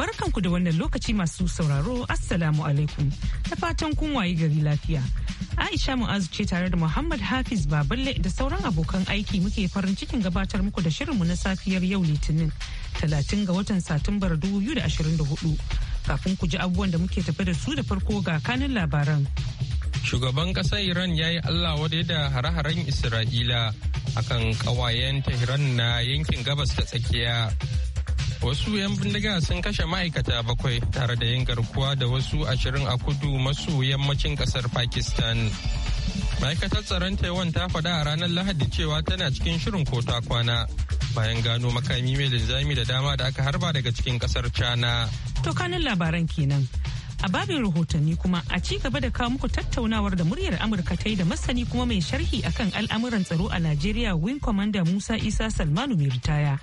Barkanku da wannan lokaci masu sauraro Assalamu alaikum. Da fatan kun waye gari lafiya. Aisha Mu'azu ce tare da Muhammad Hafiz Baballe da sauran abokan aiki muke farin cikin gabatar muku da shirinmu na safiyar yau Litinin talatin ga watan Satumbar 2024. Kafin ku ji abubuwan da muke tafi da su da farko ga kanin labaran. Shugaban ƙasar Iran ya yi Allah wadai da hare-haren Isra'ila akan ƙawayen Tehran na yankin gabas ta tsakiya. wasu 'yan bindiga sun kashe ma'aikata bakwai tare da yin garkuwa da wasu ashirin a kudu maso yammacin kasar pakistan ma'aikatar tsaron taiwan ta faɗa a ranar lahadi cewa tana cikin shirin kota kwana bayan gano makami mai linzami da dama da aka harba daga cikin kasar china to kanin labaran kenan A babin rahotanni kuma a ci gaba da kawo muku tattaunawar da muryar Amurka ta yi da masani kuma mai sharhi akan al'amuran tsaro a Najeriya Wing Commander Musa Isa Salmanu mai ritaya.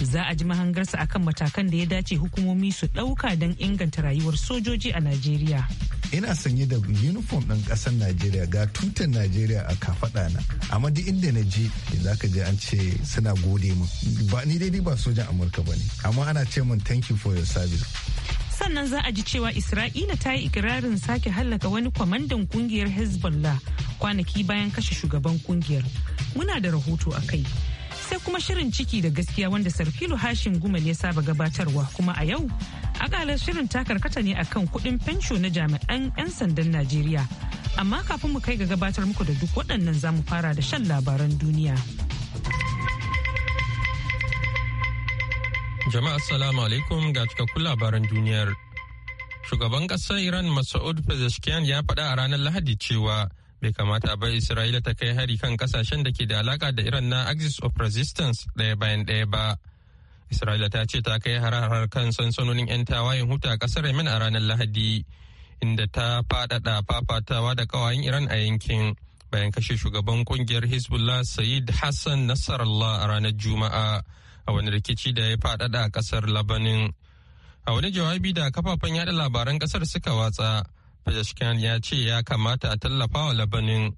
Za a ji mahangarsa akan matakan da ya dace hukumomi su ɗauka don inganta rayuwar sojoji a Najeriya. Ina sanye da uniform ɗin ƙasar Najeriya ga tutar Najeriya a kafaɗa na. Amma duk inda na je za ka je an ce suna gode mu. Ba ni daidai ba sojan Amurka ba ne. Amma ana ce mun thank you for your service. sannan za a ji cewa isra'ila ta yi ikirarin sake hallaka wani kwamandan kungiyar hezbollah kwanaki bayan kashe shugaban kungiyar muna da rahoto a kai sai kuma shirin ciki da gaskiya wanda sarfilu hashin gumal ya saba gabatarwa kuma a yau akalar shirin ta karkata ne akan kudin fensho na jami'an 'yan sandan najeriya amma kafin mu kai ga gabatar muku da duk waɗannan za mu fara da shan labaran duniya jama'a assalamu alaikum ga cikakkun labaran duniyar Shugaban ƙasar Iran Masoud Pezeshkian ya faɗa a ranar Lahadi cewa bai kamata ba Isra'ila ta kai hari kan kasashen da ke da alaka da Iran na Axis of Resistance ɗaya bayan ɗaya ba. Isra'ila ta ce ta kai harar kan sansanonin 'yan tawayen huta a ƙasar Yemen a ranar Lahadi, inda ta faɗaɗa fafatawa da ƙawayen Iran a yankin bayan kashe shugaban ƙungiyar Hezbollah Sayyid Hassan Nasarallah a ranar Juma'a a wani rikici da ya faɗaɗa a ƙasar Labanin. A wani jawabi da kafafen yada labaran kasar suka watsa, fashashkan ya ce ya kamata a tallafa wa Labanin.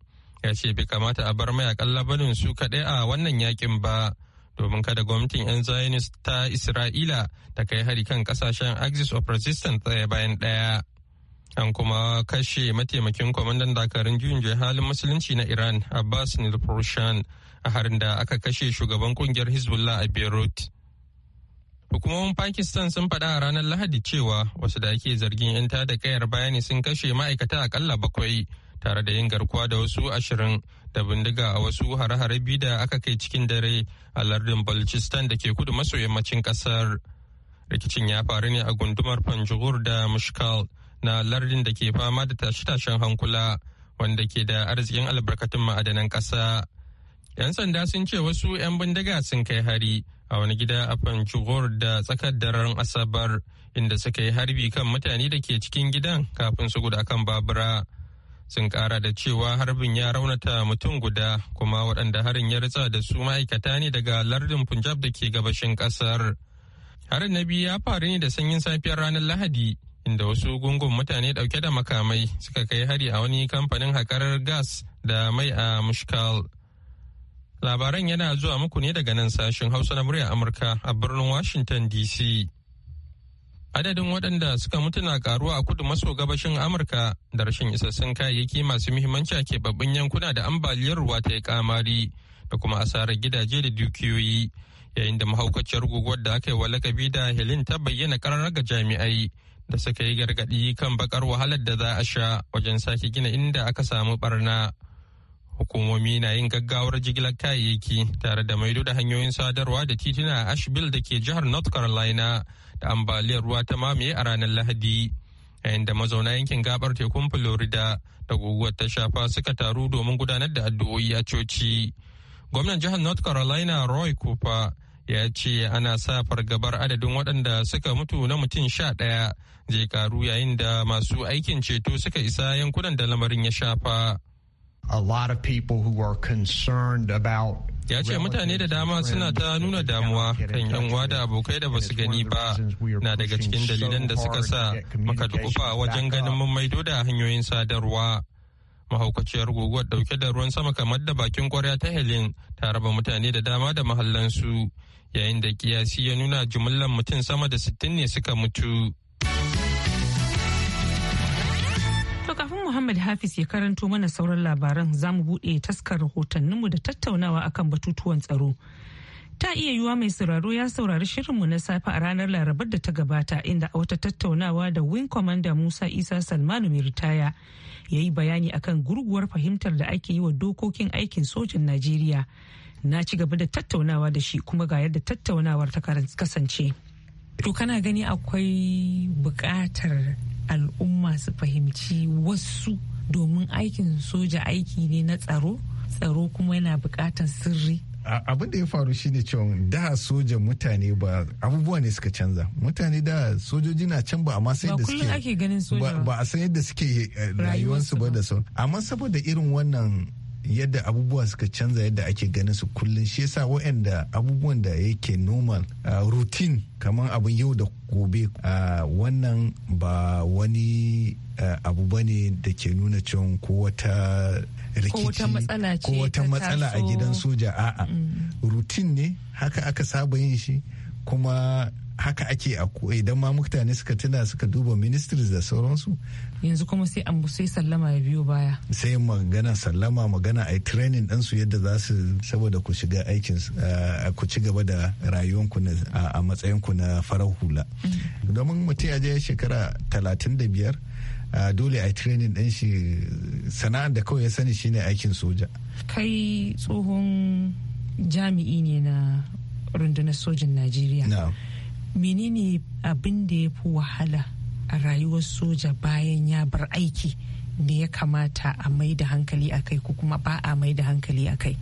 Ya ce bai kamata a bar mayakan Labanin su kaɗai a wannan yakin ba, domin kada gwamnatin 'yan Zionist ta Isra'ila ta kai hari kan kasashen Axis of Resistance daya bayan ɗaya. An kuma kashe mataimakin kwamandan dakarun juyin halin musulunci na Iran Abbas Nilfushan a harin da aka kashe shugaban kungiyar Hezbollah a Beirut. Hukumomin Pakistan sun faɗa a ranar Lahadi cewa wasu da ake zargin 'yan tada kayar bayani sun kashe ma'aikata akalla bakwai tare da yin garkuwa da wasu ashirin da bindiga a wasu hare-hare biyu da aka kai cikin dare a lardin Balchistan da ke kudu maso yammacin ƙasar. Rikicin ya faru ne a gundumar Panjugur da Mushkal na lardin da ke fama da tashe-tashen hankula wanda ke da arzikin albarkatun ma'adanan ƙasa. 'Yan sanda sun ce wasu 'yan bindiga sun kai hari. a wani gida a Panchugor da tsakar daren Asabar inda suka yi harbi kan mutane da ke cikin gidan kafin su guda kan babura. Sun kara da cewa harbin ya raunata mutum guda kuma waɗanda harin ya ritsa da su ma'aikata ne daga lardin Punjab da ke gabashin ƙasar. Harin na biyu ya faru ne da sanyin safiyar ranar Lahadi inda wasu gungun mutane ɗauke da makamai suka kai hari a wani kamfanin haƙarar gas da mai a Mushkal. Labaran yana zuwa muku ne daga nan sashen Hausa na murya Amurka a birnin Washington DC. Adadin waɗanda suka mutu na karuwa a kudu maso gabashin Amurka da rashin isassun kayayyaki masu muhimmanci a keɓaɓɓun yankuna da ambaliyar ruwa ta yi kamari da kuma asarar gidaje da dukiyoyi. Yayin da mahaukaciyar guguwar da aka yi wa lakabi da Helen ta bayyana ƙarar ga jami'ai da suka yi gargaɗi kan bakar wahalar da za a sha wajen sake gina inda aka samu ɓarna. hukumomi na yin gaggawar jigilar kayayyaki tare da maido da hanyoyin sadarwa da tituna a ashville da ke jihar north carolina da ambaliyar ruwa ta mamaye a ranar lahadi yayin da mazauna yankin gabar tekun florida da guguwar ta shafa suka taru domin gudanar da addu'o'i a coci gwamnan jihar north carolina roy cooper ya ce ana sa fargabar adadin waɗanda suka mutu na mutum sha ɗaya zai karu yayin da masu aikin ceto suka isa yankunan da lamarin ya shafa. a lot of people who are concerned about ya ce mutane da dama suna ta nuna damuwa kan yan da abokai da basu gani ba na daga cikin dalilan da suka sa maka dukufa wajen ganin mun maido da hanyoyin sadarwa mahaukaciyar guguwar dauke da ruwan sama kamar da bakin kwarya ta helen ta raba mutane da dama da mahallansu yayin da kiyasi ya nuna jimillar mutum sama da sittin ne suka mutu Muhammad Hafiz ya karanto mana sauran labaran za mu buɗe taskar rahotanninmu da tattaunawa akan batutuwan tsaro. Ta iya yiwuwa mai sauraro ya saurari shirinmu na safe a ranar Larabar da ta gabata inda a wata tattaunawa da Wing Commander Musa Isa Salmanu mai ritaya ya yi bayani akan gurguwar fahimtar da ake yi wa dokokin aikin sojin Najeriya. Na ci gaba da tattaunawa da shi kuma ga yadda tattaunawar ta kasance. To kana gani akwai bukatar. al'umma su fahimci wasu domin aikin soja aiki ne na tsaro tsaro kuma yana buƙatar sirri abin da ya faru shine cewa da soja mutane ba abubuwa ne suka canza mutane da sojoji na can ba amma sai da suke ba a san yadda suke eh, rayuwarsu ba da sau amma saboda irin wannan yadda abubuwa suka canza yadda ake ganin su kullum shi yasa waɗanda abubuwan da yake normal routine kamar abin yau da gobe wannan ba wani abu bane ne da ke nuna cewa ko wata rikici ko wata matsala a gidan soja a'a mm. routine ne haka aka saba yin shi kuma haka ake idan ma mutane suka tuna suka duba ministries da sauransu yanzu kuma sai an sai sallama ya biyo baya sai magana sallama magana a training ɗansu yadda za su saboda ku shiga aikin eh, ku ci gaba da ku a matsayinku na farar hula mm. domin mutum ya je shekara talatin da biyar eh, dole a training ɗin shi sana'ar da kawai ya sani shine aikin soja kai tsohon jami'i ne na rundunar sojin najeriya menene abin da ya fi wahala a rayuwar soja bayan ya bar aiki da ya kamata a mai da hankali a kai ko kuma ba a mai da hankali a kai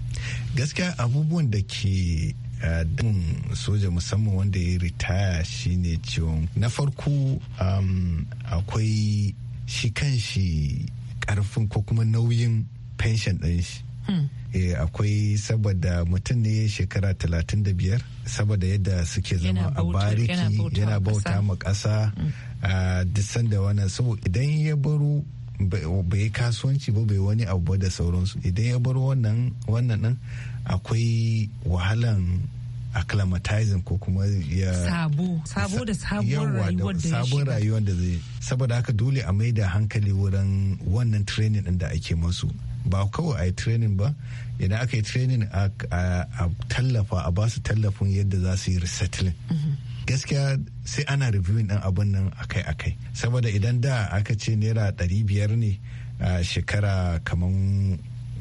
gaskiya abubuwan da ke eh, din soja musamman wanda ya ritaya shine ciwon na farko um, akwai shi kan shi karfin ko kuma nauyin pension ɗin shi hmm. Eh, akwai saboda mutum ne shekara talatin da biyar saboda yadda suke zama a bariki yana bauta ma kasa mm. a duk sanda wannan so idan ya baro bai kasuwanci ba bai wani abu da sauransu idan ya baro wannan wannan din akwai wahalan acclimatizing ko kuma ya sabo sabo da sabon rayuwar da sabon rayuwar da zai saboda haka dole a maida hankali wurin wannan training din da ake masu ba kawai a yi training ba idan aka yi trenin a tallafa a basu tallafin yadda za su yi resettling gaskiya sai ana reviewing ɗin abin nan akai-akai saboda idan da aka ce naira ɗari biyar ne a shekara kamar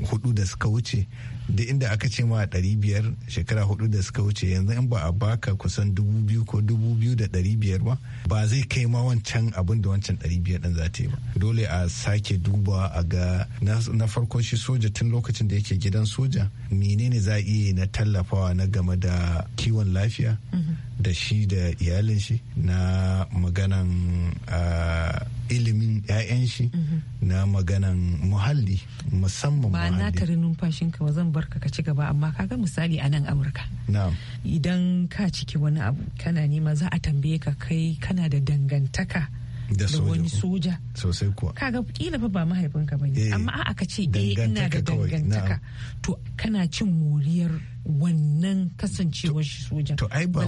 hudu da suka wuce da inda aka ce ma ɗari biyar shekara hudu da suka wuce yanzu in ba a baka kusan dubu biyu ko dubu biyar ba ba zai kai ma wancan abin da wancan ɗari biyar ɗin za ta yi ba dole a sake duba a ga na farko shi soja tun lokacin da yake gidan soja menene za a iya na tallafawa na game da kiwon lafiya mm-hmm. da shi da iyalin shi na maganan ilimin 'ya'yan shi mhm. na maganan muhalli musamman muhalli na tare numfashin ba zan barka ka ci gaba amma kaga misali a nan amurka idan ka ciki wani abu kana nema za a tambaye ka kai kana da dangantaka da wani soja sosai kuwa kaga kila fa ba mahaifinka ba ne eh. amma a'a ka ce eh, ina da dangantaka to kana cin moriyar wannan kasancewar shi sojan. To ai ba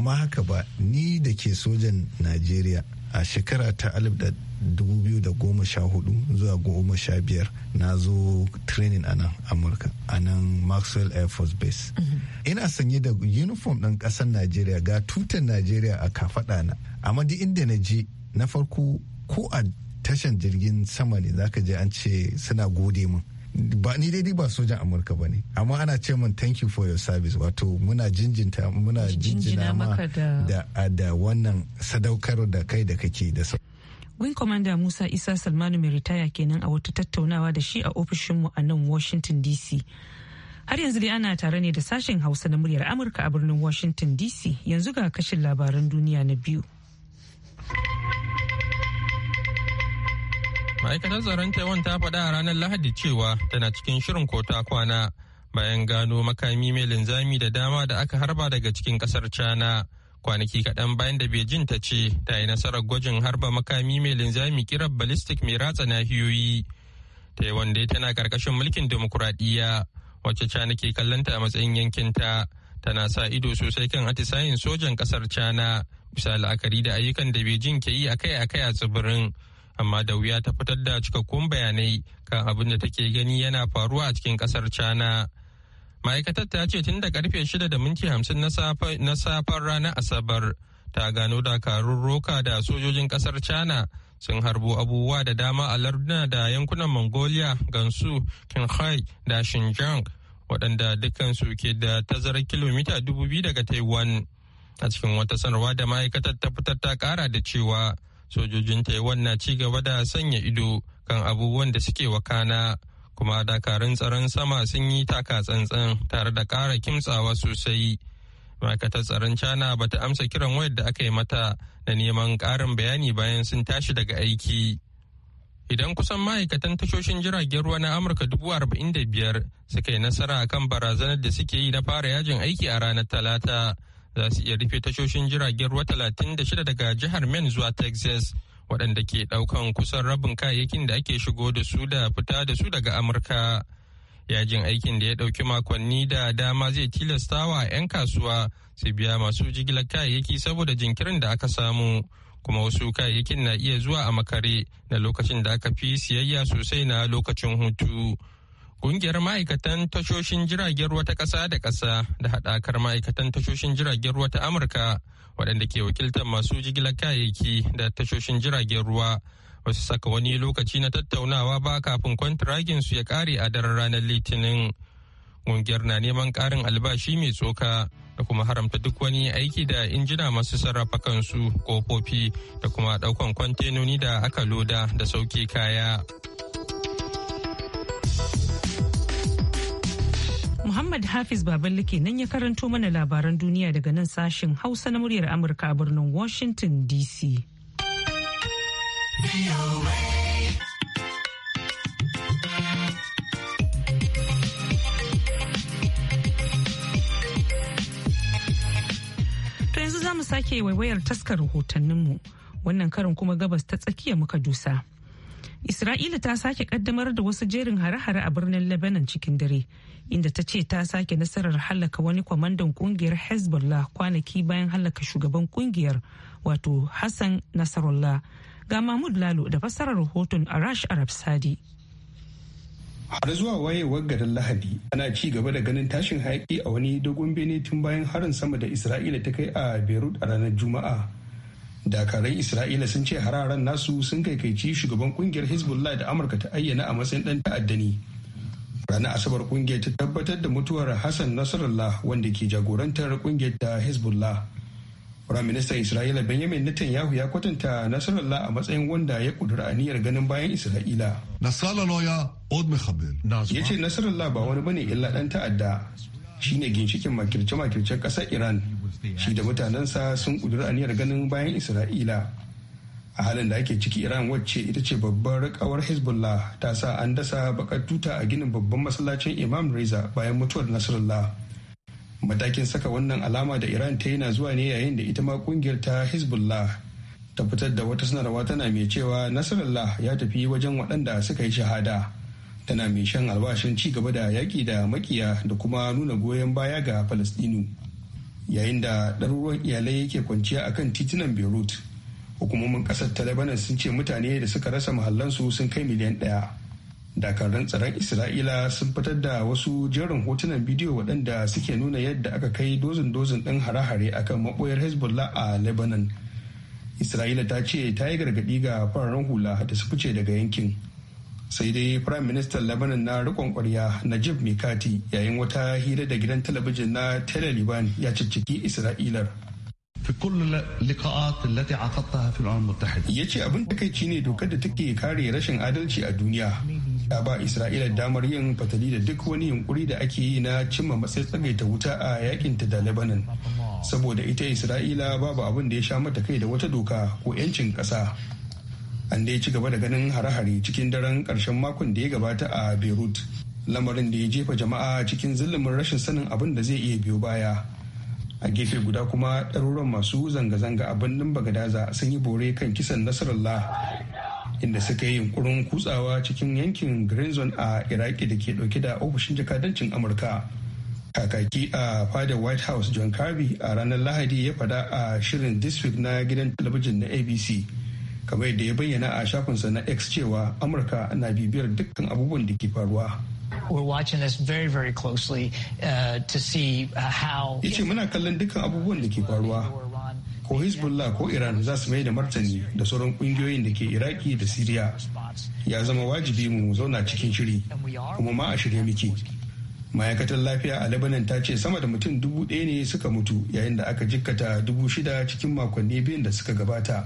ma haka ba ni da ke sojan Najeriya a shekara ta alif da dubu biyu da goma sha hudu zuwa goma sha biyar na zo training a nan Amurka a nan Maxwell Air Force Base. Mm-hmm. Ina sanye da uniform ɗan ƙasar Najeriya ga tutar Najeriya a kafaɗa na. Amma duk inda na je na farko ko a tashan jirgin sama ne zaka je an ce suna gode mun. ba ni daidai ba sojan amurka ba ne amma ana ce min thank you for your service wato muna jinjinta muna jinjina ma da wannan sadaukar da kai da kake da sau Wing Commander Musa Isa Salmanu mai ritaya kenan a wata tattaunawa da shi a ofishinmu a nan Washington DC. Har yanzu dai ana tare ne da sashen Hausa na muryar Amurka a birnin Washington DC yanzu ga kashin labaran duniya na biyu. ma'aikatar tsaron taiwan ta faɗa a ranar lahadi cewa tana cikin shirin ko ta kwana bayan gano makami mai linzami da dama da aka harba daga cikin kasar china kwanaki kaɗan bayan da beijing ta ce ta yi nasarar gwajin harba makami mai linzami kirar ballistic mai ratsa nahiyoyi taiwan dai tana karkashin mulkin demokuraɗiyya wacce china ke kallonta a matsayin yankinta tana sa ido sosai kan atisayin sojan kasar china bisa la'akari da ayyukan da beijing ke yi akai-akai a tsibirin amma da wuya ta fitar da cikakkun bayanai kan abin da take gani yana faruwa a cikin kasar China. Ma'aikatar ta ce tun da karfe shida da minti hamsin na safar ranar Asabar ta gano dakarun roka da sojojin kasar China sun harbo abubuwa da dama a larduna da yankunan Mongolia, Gansu, Qinghai da Xinjiang waɗanda dukansu ke da tazarar kilomita dubu daga Taiwan. A cikin wata sanarwa da ma'aikatar ta fitar ta kara da cewa sojojin taiwan na ci gaba da sanya ido kan abubuwan da suke wakana kuma dakarun tsaron sama sun yi taka tsantsan tare da kara kimtsawa sosai ma'aikatar tsaron china ta amsa kiran wayar da aka yi mata da neman ƙarin bayani bayan sun tashi daga aiki idan kusan ma'aikatan tashoshin jiragen ruwa na amurka dubu arba'in da biyar suka yi nasara kan barazanar da suke yi na fara yajin aiki a ranar talata za su iya rufe tashoshin jiragen ruwa 36 daga jihar Maine zuwa Texas waɗanda ke ɗaukan kusan rabin kayayyakin da ake shigo da su da fita da su daga Amurka. Yajin aikin da ya ɗauki makonni da dama zai tilastawa a 'yan kasuwa su biya masu jigilar kayayyaki saboda jinkirin da aka samu. Kuma wasu kayayyakin na iya zuwa a makare na lokacin da aka fi siyayya sosai na lokacin hutu. Ƙungiyar ma'aikatan tashoshin jiragen ruwa ta ƙasa da ƙasa da haɗakar ma'aikatan tashoshin jiragen ruwa ta Amurka waɗanda ke wakiltar masu jigilar kayayyaki da tashoshin jiragen ruwa ba saka wani lokaci na tattaunawa ba kafin kwantiragin su ya ƙare a daren ranar Litinin. Ƙungiyar na neman ƙarin albashi mai tsoka da kuma haramta duk wani aiki da injina masu sarrafa kansu kofofi da kuma ɗaukan kwantenoni da aka loda da sauke kaya. Muhammad Hafiz Baballe nan ya karanto mana labaran duniya daga nan sashen Hausa na muryar Amurka a birnin Washington DC. To yanzu za mu sake waiwayar taskar rahotanninmu, wannan karin kuma gabas ta tsakiya muka dusa. Isra'ila ta sake kaddamar da wasu jerin hare-hare a birnin Lebanon cikin dare, inda ta ce ta sake nasarar hallaka wani kwamandan kungiyar Hezbollah kwanaki bayan hallaka shugaban kungiyar wato Hassan Nasarullah. Ga Mahmud Lalo da fassarar rahoton Arash Arab Sadi. har zuwa wayewar garin lahadi ana ci gaba da ganin tashin hayaki a wani dogon bene tun bayan harin sama da isra'ila ta kai a beirut a ranar juma'a Dakarai isra'ila sun ce hararen nasu sun kai kaici shugaban kungiyar hezbollah da amurka ta ayyana a matsayin dan ta'addani ranar asabar kungiyar ta tabbatar da mutuwar hassan nasarallah wanda ke jagorantar kungiyar ta hezbollah firaministan isra'ila benjamin netanyahu ya kwatanta nasarallah a matsayin wanda ya kudura aniyar ganin bayan isra'ila ya ce nasarallah ba wani bane illa dan ta'adda shine ginshikin makirce-makircen kasar iran shi da mutanensa sun ƙudiri aniyar ganin bayan isra'ila a halin da ake ciki iran wacce ita ce babbar ƙawar hezbollah ta sa an dasa bakar tuta a ginin babban masallacin imam reza bayan mutuwar nasarallah matakin saka wannan alama da iran ta yi na zuwa ne yayin da ita ma kungiyar ta hezbollah ta fitar da wata sanarwa tana mai cewa nasarallah ya tafi wajen waɗanda suka yi shahada tana mai shan albashin ci gaba da yaƙi da makiya da kuma nuna goyon baya ga falastinu yayin da ɗaruruwan iyalai yake kwanciya akan titunan beirut hukumomin ƙasar ta lebanon sun ce mutane da suka rasa mahallansu sun kai miliyan ɗaya dakarun tsaron isra'ila sun fitar da wasu jerin hotunan bidiyo waɗanda suke nuna yadda aka kai dozin dozin ɗin hare-hare akan maɓoyar hezbollah a lebanon isra'ila ta ce ta yi gargaɗi ga fararen hula da su fice daga yankin sai dai prime minister lebanon na rikon kwarya najib mikati yayin wata hira da gidan talabijin na tele liban ya cicciki isra'ilar ya ce abin takaici ne dokar da take kare rashin adalci a duniya ya ba isra'ila damar yin fatali da duk wani yunkuri da ake yi na cimma matsayin tsagaita wuta a yakinta da lebanon saboda ita isra'ila babu abin da ya sha mata kai da wata doka ko 'yancin ƙasa an ya ci gaba da ganin hare-hare cikin daren karshen makon da ya gabata a beirut lamarin da ya jefa jama'a cikin zillumin rashin sanin abin da zai iya biyo baya a gefe guda kuma ɗaruran masu zanga-zanga a birnin bagadaza sun yi bore kan kisan nasarallah inda suka yi yunkurin kutsawa cikin yankin green zone a iraki da ke ɗauke da ofishin jakadancin amurka kakaki a fadar white house john kirby a ranar lahadi ya fada a shirin district na gidan talabijin na abc kamar yadda ya bayyana a shafinsa na x cewa amurka na bibiyar dukkan abubuwan da ke faruwa We're watching this very, very closely uh, to see uh, how. Yace muna kallon dukkan abubuwan da ke faruwa. Ko Hezbollah ko Iran za su mai da martani da sauran kungiyoyin da ke Iraki da Siriya. Ya zama wajibi mu zauna cikin shiri, kuma ma a shirye muke. Ma'aikatar lafiya a Lebanon ta ce sama da mutum dubu ɗaya ne suka mutu yayin da aka jikkata dubu shida cikin makonni biyun da suka gabata.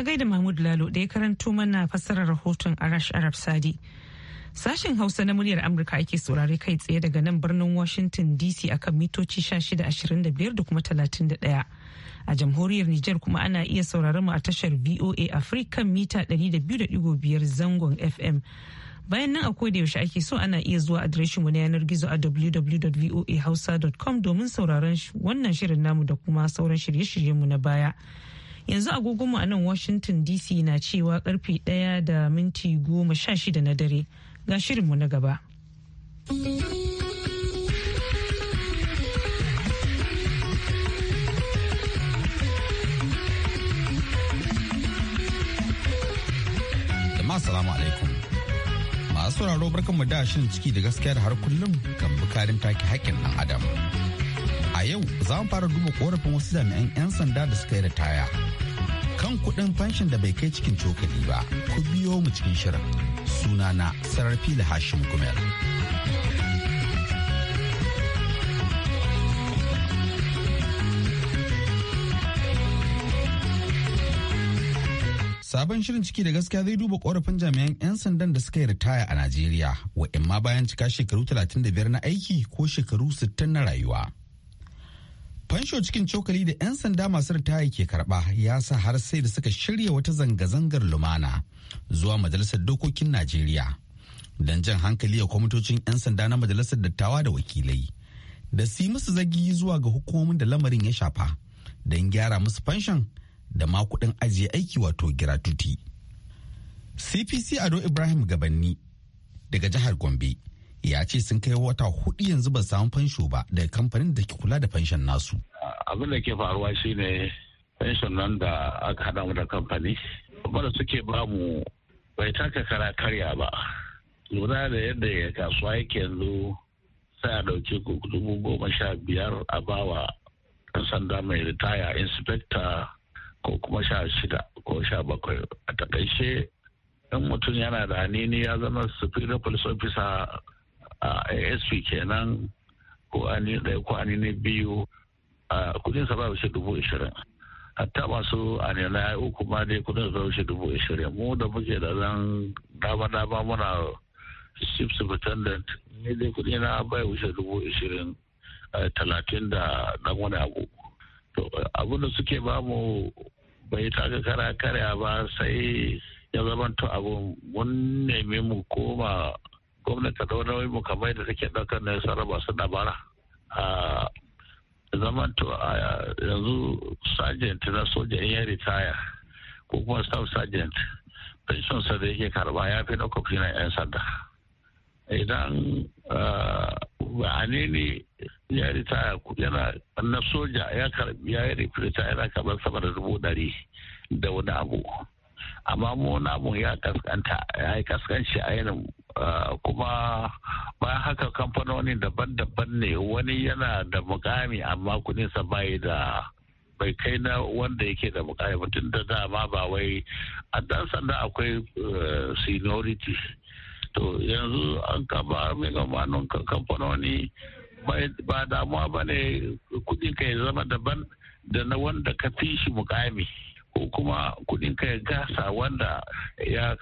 A gaida Mahmud Lalo da ya karanto mana fassarar rahoton Arash Arab Sadi. Sashen Hausa na muryar Amurka ake saurare kai tsaye daga nan birnin Washington DC akan mitoci 1625 da kuma 31. A jamhuriyar Nijar kuma ana iya saurare mu a tashar VOA Africa mita 200.5 zangon FM. Bayan nan da yaushe ake so ana iya zuwa adireshinmu na yanar gizo a www.voahausa.com domin sauraron wannan shirin namu da kuma sauran shirye-shiryenmu na baya. yanzu agogonmu a nan washington dc na cewa karfe ɗaya da minti goma sha shida na dare ga shirinmu na gaba Assalamu alaikum. Masu sauraro barkanmu da shin ciki da gaskiya da har kullum kan bukarin take haƙƙin ɗan Adam. A yau za mu fara duba korafin wasu jami'an 'yan sanda da suka yi ritaya. Kan kuɗin fanshin da bai kai cikin cokali ba, ku biyo mu cikin shirin. Sunana Sararfi da Hashim Gumel. Sabon shirin ciki da gaskiya zai duba korafin jami'an 'yan sandan da suka yi ritaya a Najeriya, wa'in ma bayan cika shekaru 35 na aiki ko shekaru 60 na rayuwa. fansho cikin cokali da 'yan sanda masu ritaya ke karba ya sa har sai da suka shirya wata zanga-zangar lumana zuwa majalisar dokokin najeriya don jan hankali a kwamitocin 'yan sanda na majalisar dattawa da wakilai da su musu zagi zuwa ga hukumomin da lamarin ya shafa don gyara musu fanshon da ma kuɗin ajiye aiki wato giratuti cpc ado ibrahim gabanni daga jihar gombe ya ce sun kai wata hudu yanzu ba samu fansho ba daga kamfanin da ke kula da fanshon nasu. Abin da ke faruwa shine fanshon nan da aka hada mu da kamfani. Wanda suke bamu bai taka kara karya ba. Lura da yadda kasuwa yake yanzu sai a ku dubu goma sha biyar a bawa ɗan sanda mai ritaya inspector ko kuma sha shida ko sha bakwai a takaice in mutum yana da hannini ya zama superior police officer asp kenan ko ani ɗaya ko ani ne biyu kudin sa ba wuce dubu ishirin hatta masu anila ya uku ma dai kudin sa wuce dubu ishirin mu da muke da zan dama dama muna chief superintendent ne dai kudi na bai wuce dubu ishirin talatin da dan wani abu to abin da suke bamu bai taka kara karya ba sai ya to abu mun nemi mu koma gwamnati ta ɗau nauyin mai da take ɗaukar na yasa raba su dabara a zaman to yanzu sergeant na soja in ya ritaya ko kuma staff sergeant pension sa da yake karba ya fi na kofi na yan sanda idan ba ne ya ritaya yana na soja ya karbi ya yi yana karɓar sama da dubu ɗari da wani abu amma mu namun ya kaskanta ya yi kaskanci a yanin Ah, kuma bayan haka kamfanoni daban-daban ne wani yana da mukami amma kudinsa bai da bai kai na wanda yake da mukami mutum da dama ba wai a dan sanda akwai eh, seniority to yanzu an kaba manon kamfanoni ba damuwa ba ne kudin ka ya zama daban da na wanda ka fi shi mukami ko kuma kudin ka gasa wanda ya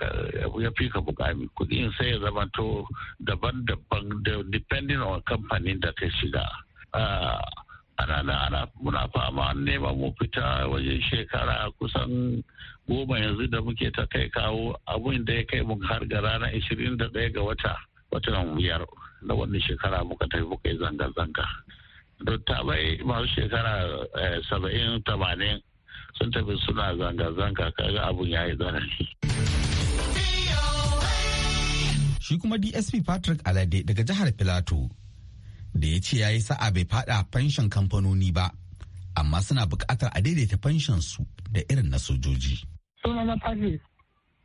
fi ka bukami kudin sai ya zama to daban-daban depending on kamfanin da ka shiga ana nan ana muna fama nema mu fita wajen shekara kusan goma yanzu da muke ta kai kawo abin da ya kai mu har ga rana ishirin da ɗaya ga wata watan biyar na wannan shekara muka tafi muka yi zanga-zanga. bai masu shekara eh, saba'in tamanin sun tafi suna zanga-zanga kaga abun ya yi Shi kuma DSP Patrick Alade daga jihar Filato da ya ce ya yi sa'a bai fada fanshin kamfanoni ba, amma suna buƙatar a daidaita fanshan su da irin na sojoji. Sunana na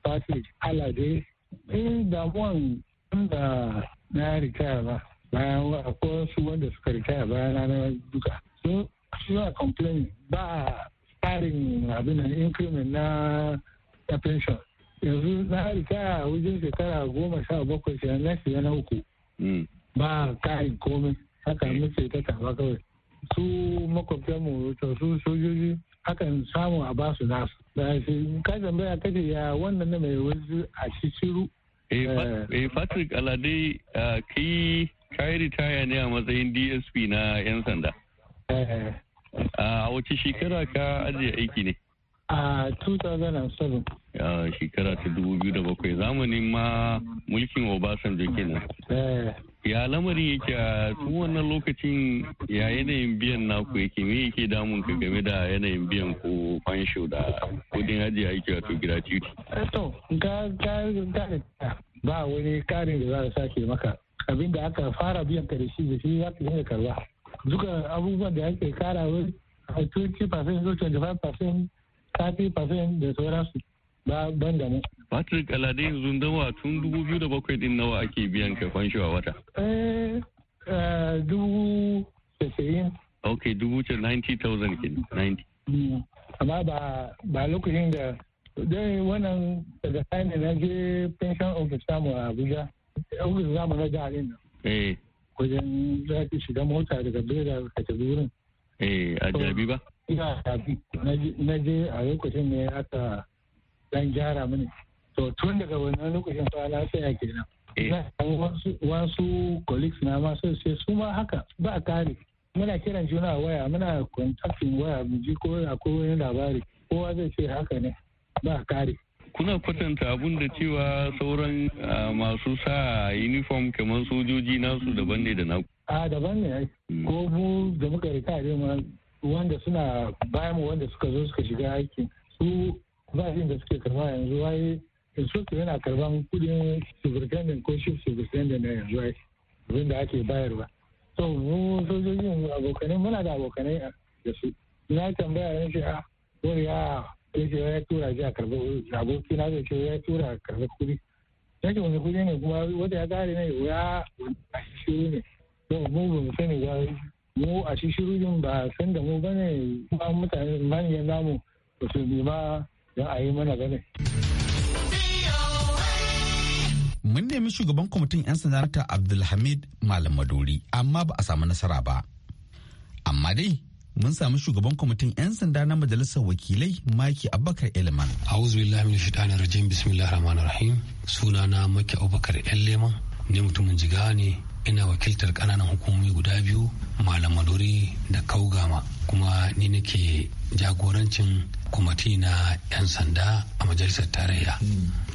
Patrick Alade, in eh, damuwan da na ritaya ba, bayan akwai wasu wanda suka ritaya bayan na duka. su suna complain ba tsarin abin nan increment na na pension yanzu na rita a wajen shekara goma sha bakwai shi na shiga na uku hmm. ba karin komai haka hmm. muke ta taba kawai su makwabtan mu to su sojoji hakan samu a ba su nasu da shi ka tambaya kace ya wannan na mai wasu a shiru eh, eh. eh patrick alade ah, kai kai ritaya ne a matsayin dsp na yan sanda eh, A wace shekara ka ajiye aiki ne? A 2007. A shekara ta 2007 zamanin ma mulkin Obasanjo kenan. Eh. Ya lamarin yake a tun wannan lokacin ya yanayin biyan naku yake me yake damun ka game da yanayin biyan ko fansho da kudin ajiye aiki a wato gratuity. Eh, to ga ga ga ba wani karin da za a sake maka abinda aka fara biyan ka da shi da shi za ka yi karba. duka abubuwan da ake kara a 20% percent to 25% percent 30% da sauransu ba ban da mu. Patrick Alade yanzu dawa tun 2007 din nawa ake biyan ka kwanshi a wata? Eh, eh dubu 90,000. Ok, dubu 90,000 ke 90. Mm. Amma ba ba lokacin da dai wannan daga kayan da na je pension office samu a Abuja, office zamu na jihar nan. Eh. wajen zafi shiga mota daga bera ka ta wurin eh a jabi ba ina jabi na je a lokacin ne aka dan gyara mini to tun daga wannan lokacin fa lafiya kenan eh. wasu colleagues na ma sai su ma haka ba kare muna kiran juna waya muna contacting waya mu ji ko akwai wani labari kowa zai ce haka ne ba kare kuna kwatanta abun da cewa sauran ah, masu sa uniform kamar sojoji nasu daban ne da naku a daban ne hmm. ko mu da muka rika rikare ma wanda suna bayan mu wanda suka zo suka shiga aiki su shi da suke karba yanzu wai instructor yana karban kudin superintendent ko chief superintendent na yanzu wai abin da ake bayarwa so mu sojojin abokanai muna da abokanai da su na tambaya ne shi ah, a wani ya sai ce ya tura ji a karɓi aboki na zai ce ya tura a karɓi kuɗi ya ce wani kuɗi ne kuma wata ya gare ne ya a shiru ne don mu ba mu sani ba mu a shiru din ba san da mu bane kuma mutane manyan namu ba su nema don a yi mana bane. Mun nemi shugaban kwamitin 'yan sanarta Abdulhamid Malam Maduri amma ba a samu nasara ba. Amma dai mun samu shugaban kwamitin 'yan sanda na majalisar wakilai maki abubakar eleman a'udhu billahi min shaitanir rajim bismillahir rahmanir rahim sunana maki abubakar eleman ne mutumin jiga ne ina wakiltar kananan hukumomi guda biyu malam da kaugama kuma ni nake jagorancin kwamati na 'yan sanda a majalisar tarayya.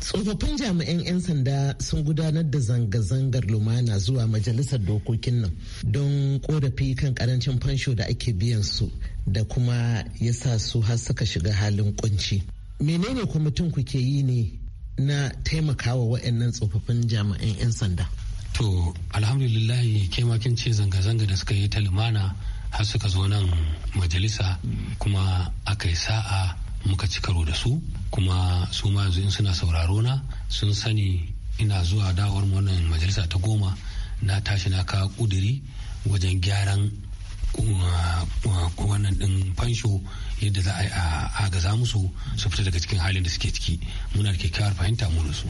tsofaffin jami'an 'yan sanda sun gudanar da zanga-zangar lumana zuwa majalisar dokokin nan don korafi kan karancin fansho da ake biyan su da kuma ya sa su har suka shiga halin kunci menene kwamitin ku ke yi ne na taimakawa waɗannan tsofaffin jami'an 'yan sanda to alhamdulillahi ke kin ce zanga-zanga da suka yi ta limana har suka zo nan majalisa kuma aka yi sa'a muka ci karo da su kuma su ma yanzu in suna sauraro na sun sani ina zuwa dawar wannan majalisa ta goma na tashi na kawo kuduri wajen gyaran uh, wannan din fansho yadda za a gaza musu su fita daga cikin halin da suke ciki muna da kyakkyawar fahimta mu da su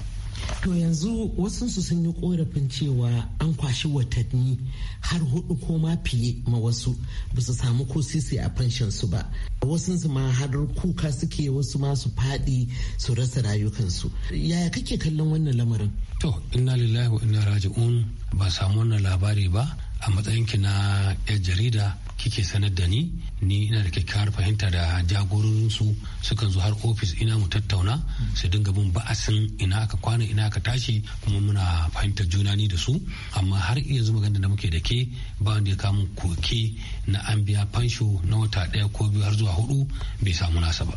To yanzu wasu su sun yi korafin cewa an kwashi watanni har hudu ko ma fiye ma wasu ba su samu ko sisi a fanshin su ba. Wasu su ma har kuka suke wasu ma su faɗi su rasa rayukansu. Yaya kake kallon wannan lamarin? To inna lillahi wa inna raji'un ba samu wannan labari ba a matsayinki na 'yan jarida kike sanar da ni ni ina da kyakkyawar fahimta da jagororinsu sukan zo har ofis ina mu tattauna su dinga bin ba'asin ina aka kwana ina aka tashi kuma muna fahimtar juna ni da su amma har yanzu magana da muke da ke ba wanda ya kamun koke na an biya fansho na wata ɗaya ko biyu har zuwa hudu bai samu nasa ba.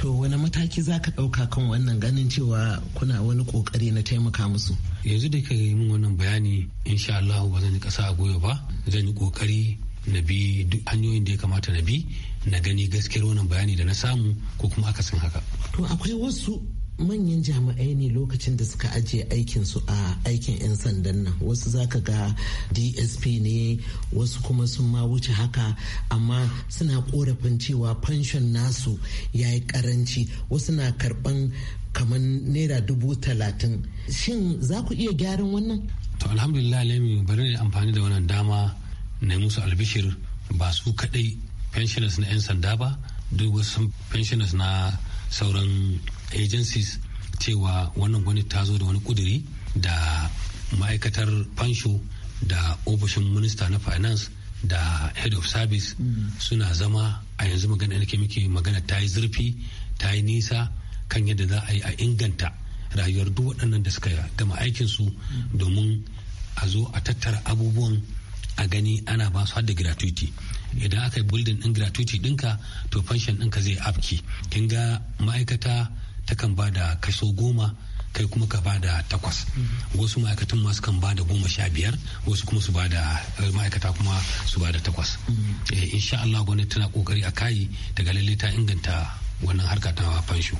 to wani mataki za ka ɗauka kan wannan ganin cewa kuna wani ƙoƙari na taimaka musu. yanzu da ka yi min wannan bayani insha Allah ba zan yi ƙasa a goyo ba zan yi ƙoƙari na bi duk hanyoyin da ya kamata na bi na gani gaskiyar wannan bayani da na samu ko kuma aka san haka. To akwai wasu manyan jami'ai ne lokacin da suka ajiye aikin su a aikin 'yan sandan nan wasu zaka ga dsp ne wasu kuma sun ma wuce haka amma suna korafin cewa fanshon nasu ya yi karanci wasu na karban kamar naira dubu talatin shin za ku iya gyaran wannan to alhamdulillah lemi bari ne amfani da wannan dama na musu albishir ba su kadai pensioners na 'yan sanda ba duk wasu pensioners na sauran agencies cewa wannan wani ta zo da wani kuduri da ma'aikatar fansho da ofishin minista na finance da head of service suna zama a yanzu magana yake muke magana ta yi zurfi ta yi nisa kan yadda za a yi a inganta rayuwar duk waɗannan da suka gama aikinsu domin a zo a tattara abubuwan a gani ana ba su hadda gratuity idan aka yi building din gratuity dinka to pension dinka zai afki kin ga ma'aikata kan ba da kaso goma kai kuma ka ba da takwas mm-hmm. wasu ma'aikatan masu kan ba da goma sha biyar wasu kuma su ba da eh, ma'aikata kuma su ba da takwas mm-hmm. eh, insha Allah gwamnati tana kokari a kayi daga lalle ta inganta wannan harka ta fansho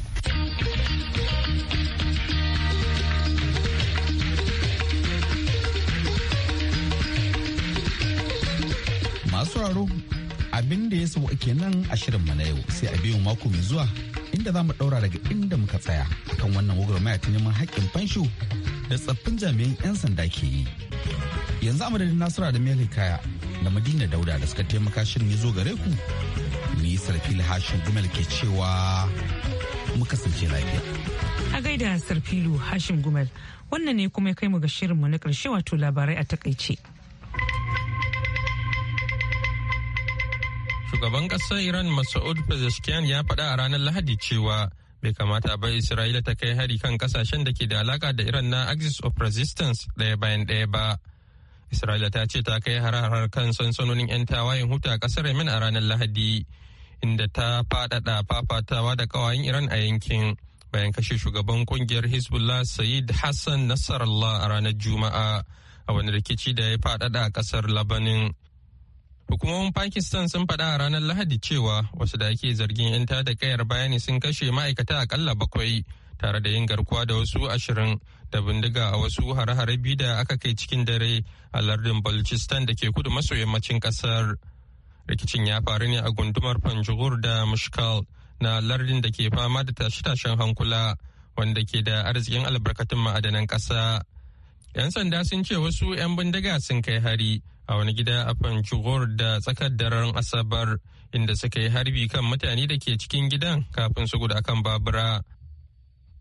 Masu raro abin da ya ake nan a shirin mu na yau sai a biyu mako mai zuwa inda za mu daura daga inda muka tsaya kan wannan gwagwarmaya ta neman haƙƙin fansho da tsaffin jami'an 'yan sanda ke yi. Yanzu amadadin Nasura da mai Kaya da Madina Dauda da suka taimaka shirin ya zo gare ku. Ni Sarfil Hashin Gumel ke cewa mu kasance lafiya. A gaida Sarfilu Hashin Gumel wannan ne kuma ya kai mu ga shirinmu na ƙarshe wato labarai a takaice. Shugaban ƙasar Iran Masoud Pezeshkian ya faɗa a ranar Lahadi cewa bai kamata ba Isra'ila ta kai hari kan kasashen da ke da alaka da Iran na Axis of Resistance ɗaya bayan ɗaya ba. Isra'ila ta ce ta kai harar kan sansanonin 'yan tawayen huta ƙasar Yemen a ranar Lahadi, inda ta faɗaɗa fafatawa da ƙawayen Iran a yankin bayan kashe shugaban ƙungiyar Hezbollah Sayyid Hassan Nasarallah a ranar Juma'a a wani rikici da ya faɗaɗa a ƙasar Labanin. Hukumomin Pakistan sun faɗa a ranar Lahadi cewa wasu da ake zargin 'yan tada kayar bayani sun kashe ma'aikata akalla bakwai tare da yin garkuwa da wasu ashirin da bindiga a wasu hare-hare biyu da aka kai cikin dare a lardin Balochistan da ke kudu maso yammacin ƙasar. Rikicin ya faru ne a gundumar Panjgur da Mushkal na lardin da ke fama da tashe-tashen hankula wanda ke da arzikin albarkatun ma'adanan ƙasa. 'Yan sanda sun ce wasu 'yan bindiga sun kai hari. a wani gida a Panchugor da tsakar daren Asabar inda suka yi harbi kan mutane da ke cikin gidan kafin su guda kan babura.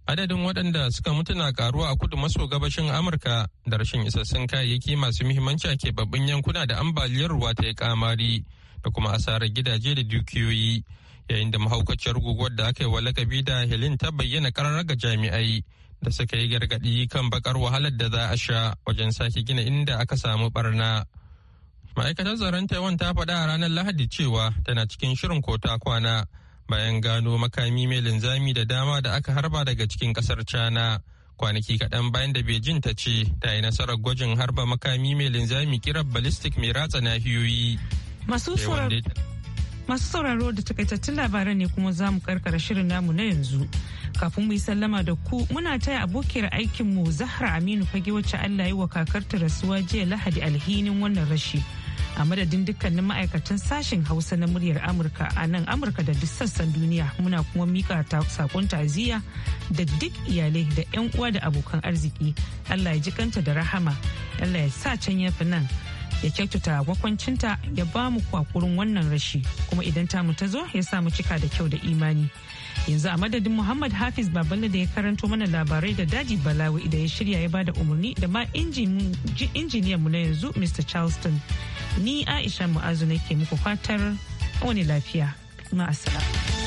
Adadin waɗanda suka mutu na karuwa a kudu maso gabashin Amurka da rashin isassun kayayyaki masu muhimmanci a keɓaɓɓun yankuna da ambaliyar ruwa ta yi kamari da kuma asarar gidaje da dukiyoyi yayin da mahaukaciyar guguwar da aka yi wa lakabi da Helen ta bayyana ƙarar ga jami'ai da suka yi gargaɗi kan bakar wahalar da za a sha wajen sake gina inda aka samu ɓarna. ma'aikatar tsaron taiwan ta faɗa a ranar lahadi cewa tana cikin shirin kota kwana bayan gano makami mai linzami da dama da aka harba daga cikin kasar china kwanaki kaɗan bayan da beijing ta ce ta yi nasarar gwajin harba makami mai linzami kiran ballistic mai ratsa nahiyoyi masu sauraro da takaitattun labaran ne kuma za mu karkara shirin namu na yanzu kafin mu yi sallama da ku muna taya abokiyar aikinmu zahra aminu fage wacce allah yi wa kakarta rasuwa jiya lahadi alhinin wannan rashi a madadin dukkanin ma'aikatan sashen hausa na muryar amurka a nan amurka da duk sassan duniya muna kuma mika sakon taziya da duk iyalai da 'yan uwa da abokan arziki allah ya ji kanta da rahama allah ya sa can ya fi nan ya kyautata wakwancinta ya ba mu kwakurin wannan rashi kuma idan ta mu ta zo ya sa mu cika da kyau da imani yanzu a madadin muhammad hafiz baballe da ya karanto mana labarai da daji balawi da ya shirya ya ba da umarni da ma injiniyanmu na yanzu mr charleston ni aisha mu'azu nake muku fatar wani lafiya ma'asala.